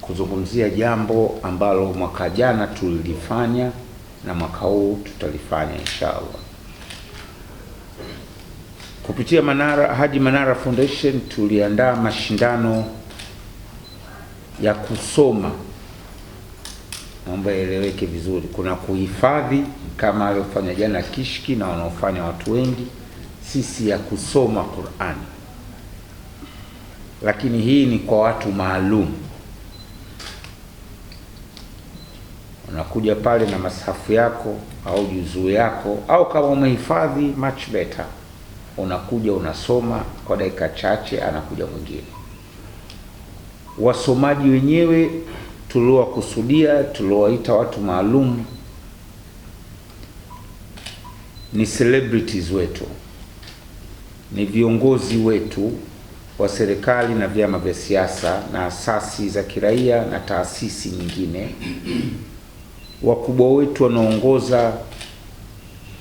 Kuzungumzia jambo ambalo mwaka jana tulilifanya na mwaka huu tutalifanya inshallah. Kupitia Manara, Haji Manara Foundation tuliandaa mashindano ya kusoma. Naomba ieleweke vizuri, kuna kuhifadhi kama aliyofanya jana Kishki na wanaofanya watu wengi, sisi ya kusoma Qur'ani lakini hii ni kwa watu maalum. Unakuja pale na masafu yako au juzuu yako, au kama umehifadhi much better, unakuja unasoma kwa dakika chache, anakuja mwingine. Wasomaji wenyewe tuliowakusudia, tuliowaita watu maalum ni celebrities wetu, ni viongozi wetu wa serikali na vyama vya siasa na asasi za kiraia na taasisi nyingine, wakubwa wetu wanaongoza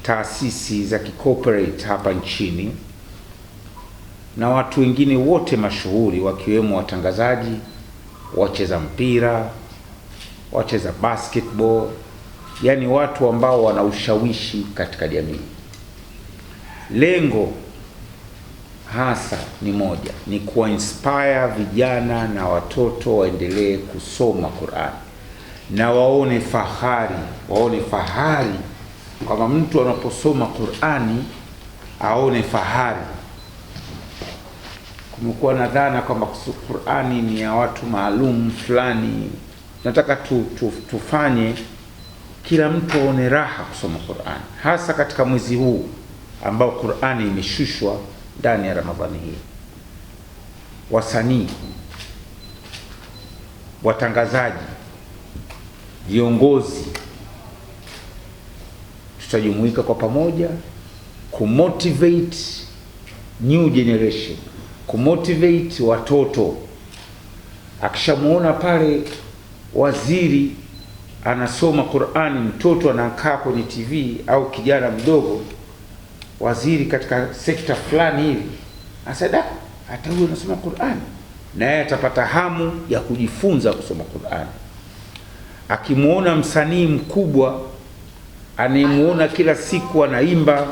taasisi za kicorporate hapa nchini na watu wengine wote mashuhuri wakiwemo watangazaji, wacheza mpira, wacheza basketball, yaani watu ambao wana ushawishi katika jamii. Lengo hasa ni moja, ni kuinspire vijana na watoto waendelee kusoma Qur'ani na waone fahari, waone fahari kwamba mtu anaposoma Qur'ani aone fahari. Kumekuwa na dhana kwamba Qur'ani ni ya watu maalum fulani. Nataka tu, tu, tufanye kila mtu aone raha kusoma Qur'ani, hasa katika mwezi huu ambao Qur'ani imeshushwa ndani ya Ramadhani hii, wasanii, watangazaji, viongozi, tutajumuika kwa pamoja kumotivate new generation, kumotivate watoto. Akishamwona pale waziri anasoma Qur'ani, mtoto anakaa kwenye TV au kijana mdogo waziri katika sekta fulani hivi, asada ah, hata huyu anasoma Qur'an, na yeye atapata hamu ya kujifunza kusoma Qur'an. Akimwona msanii mkubwa anayemwona kila siku anaimba,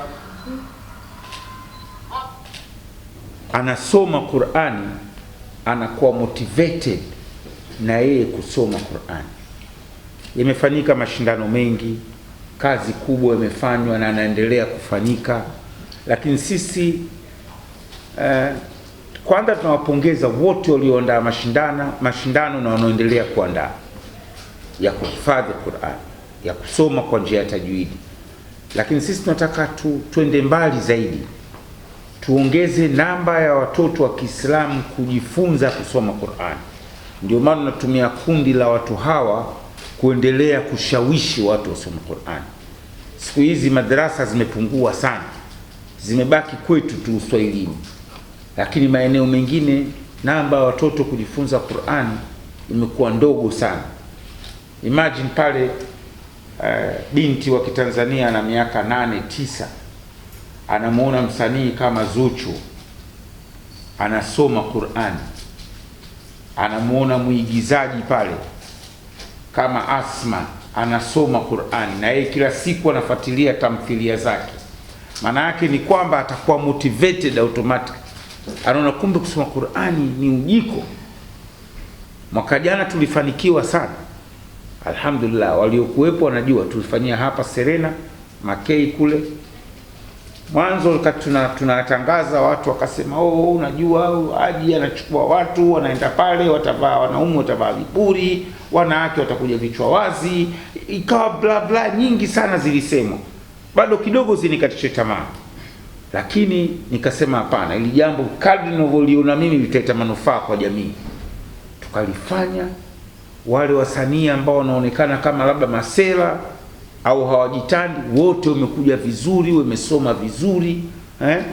anasoma Qur'ani, anakuwa motivated na yeye kusoma Qur'ani. Yamefanyika mashindano mengi kazi kubwa imefanywa na anaendelea kufanyika, lakini sisi eh, kwanza tunawapongeza wote walioandaa mashindano mashindano na wanaoendelea kuandaa ya kuhifadhi Qur'an, ya kusoma kwa njia ya tajwidi, lakini sisi tunataka tu, tuende mbali zaidi, tuongeze namba ya watoto wa Kiislamu kujifunza kusoma Qur'an. Ndio maana tunatumia kundi la watu hawa kuendelea kushawishi watu wasome Qurani. Siku hizi madrasa zimepungua sana, zimebaki kwetu tu Uswahilini, lakini maeneo mengine namba ya watoto kujifunza Qurani imekuwa ndogo sana. Imagine pale uh, binti wa Kitanzania ana miaka nane tisa anamwona msanii kama Zuchu anasoma Qurani, anamuona mwigizaji pale kama Asma anasoma Qur'ani na yeye kila siku anafuatilia tamthilia zake, maana yake ni kwamba atakuwa motivated automatic, anaona kumbe kusoma Qur'ani ni ujiko. Mwaka jana tulifanikiwa sana alhamdulillah, waliokuwepo wanajua tulifanyia hapa Serena Makei kule mwanzo tunatangaza, watu wakasema, oh, oh unajua oh, aji anachukua watu wanaenda pale, watavaa wanaume watavaa vipuri, wanawake watakuja vichwa wazi, ikawa bla bla nyingi sana zilisemwa, bado kidogo zinikatishe tamaa, lakini nikasema hapana, ili jambo kadri ninavyoliona mimi litaleta manufaa kwa jamii, tukalifanya. Wale wasanii ambao wanaonekana kama labda masela au hawajitandi wote wamekuja vizuri, wamesoma vizuri eh?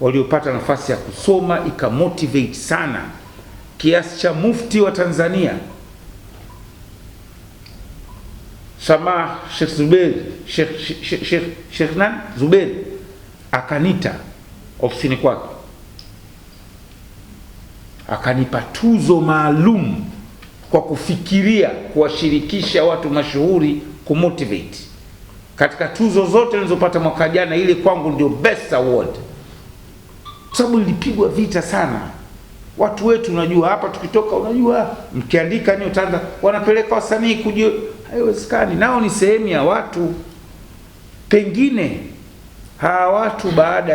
Waliopata nafasi ya kusoma ikamotivate sana kiasi cha mufti wa Tanzania Samah Sheikh Zuberi Sheikh, Sheikh, Sheikh, nani Zuberi akanita ofisini kwake akanipa tuzo maalum kwa kufikiria kuwashirikisha watu mashuhuri kumotivate katika tuzo zote nilizopata mwaka jana, ile kwangu ndio best award, kwa sababu ilipigwa vita sana. Watu wetu unajua, hapa tukitoka, unajua mkiandika nini utaanza, wanapeleka wasanii kujua, haiwezekani. Nao ni sehemu ya watu, pengine hawa watu baada